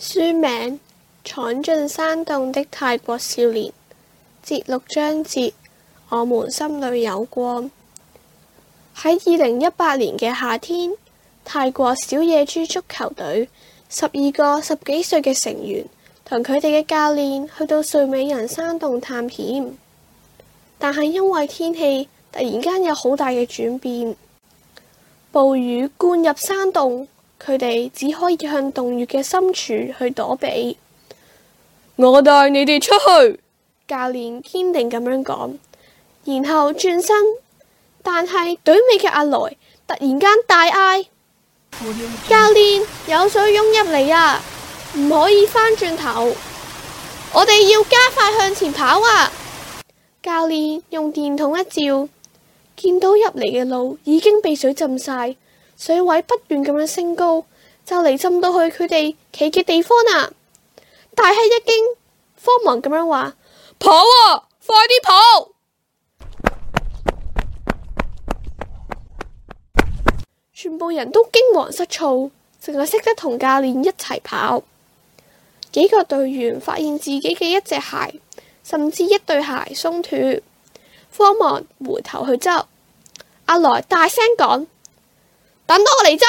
書名《闖進山洞的泰國少年》，節錄章節《我們心裡有光》。喺二零一八年嘅夏天，泰國小野豬足球隊十二個十幾歲嘅成員同佢哋嘅教練去到睡美人山洞探險，但係因為天氣突然間有好大嘅轉變，暴雨灌入山洞。佢哋只可以向洞穴嘅深處去躲避。我帶你哋出去，教練堅定咁樣講，然後轉身。但係隊尾嘅阿來突然間大嗌：「教練，有水湧入嚟啊！唔可以翻轉頭，我哋要加快向前跑啊！教練用電筒一照，見到入嚟嘅路已經被水浸晒。水位不斷咁樣升高，就嚟浸到去佢哋企嘅地方啦！大吃一驚，慌忙咁樣話：跑啊，快啲跑！全部人都驚惶失措，淨係識得同教練一齊跑。幾個隊員發現自己嘅一隻鞋，甚至一對鞋鬆脫，慌忙回頭去執。阿來大聲講。等到我嚟執，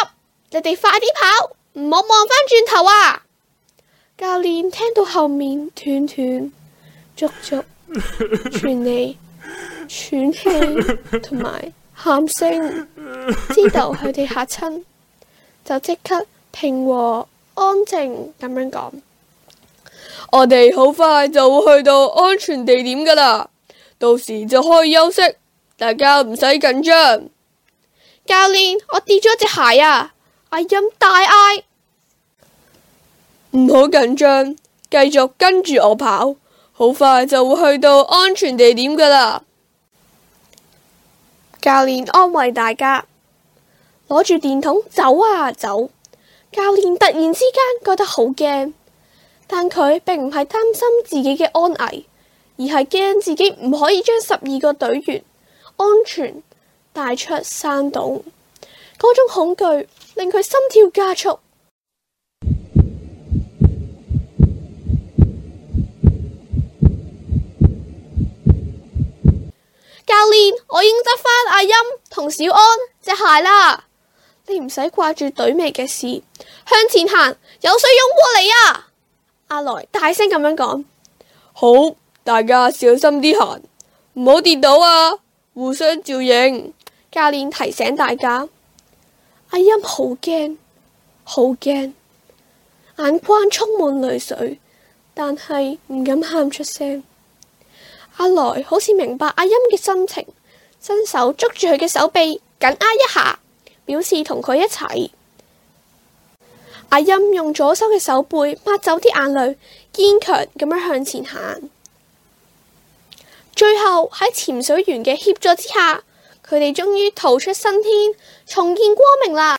你哋快啲跑，唔好望返轉頭啊！教練聽到後面斷斷續續 傳嚟喘氣同埋喊聲，知道佢哋吓親，就即刻平和安靜咁樣講：我哋好快就會去到安全地點噶啦，到時就可以休息，大家唔使緊張。教練，我跌咗隻鞋啊！阿任大嗌。唔好緊張，繼續跟住我跑，好快就會去到安全地點噶啦。教練安慰大家，攞住電筒走啊走。教練突然之間覺得好驚，但佢並唔係擔心自己嘅安危，而係驚自己唔可以將十二個隊員安全，大出山洞，嗰種恐懼令佢心跳加速。教練，我已經執返阿音同小安隻鞋啦，你唔使掛住隊尾嘅事，向前行，有水湧過嚟啊！阿來大聲咁樣講，好，大家小心啲行，唔好跌倒啊，互相照應。教練提醒大家：阿音好驚，好驚，眼眶充滿淚水，但係唔敢喊出聲。阿來好似明白阿音嘅心情，伸手捉住佢嘅手臂，緊握一下，表示同佢一齊。阿音用左手嘅手背抹走啲眼淚，堅強咁樣向前行。最後喺潛水員嘅協助之下。佢哋終於逃出生天，重見光明啦！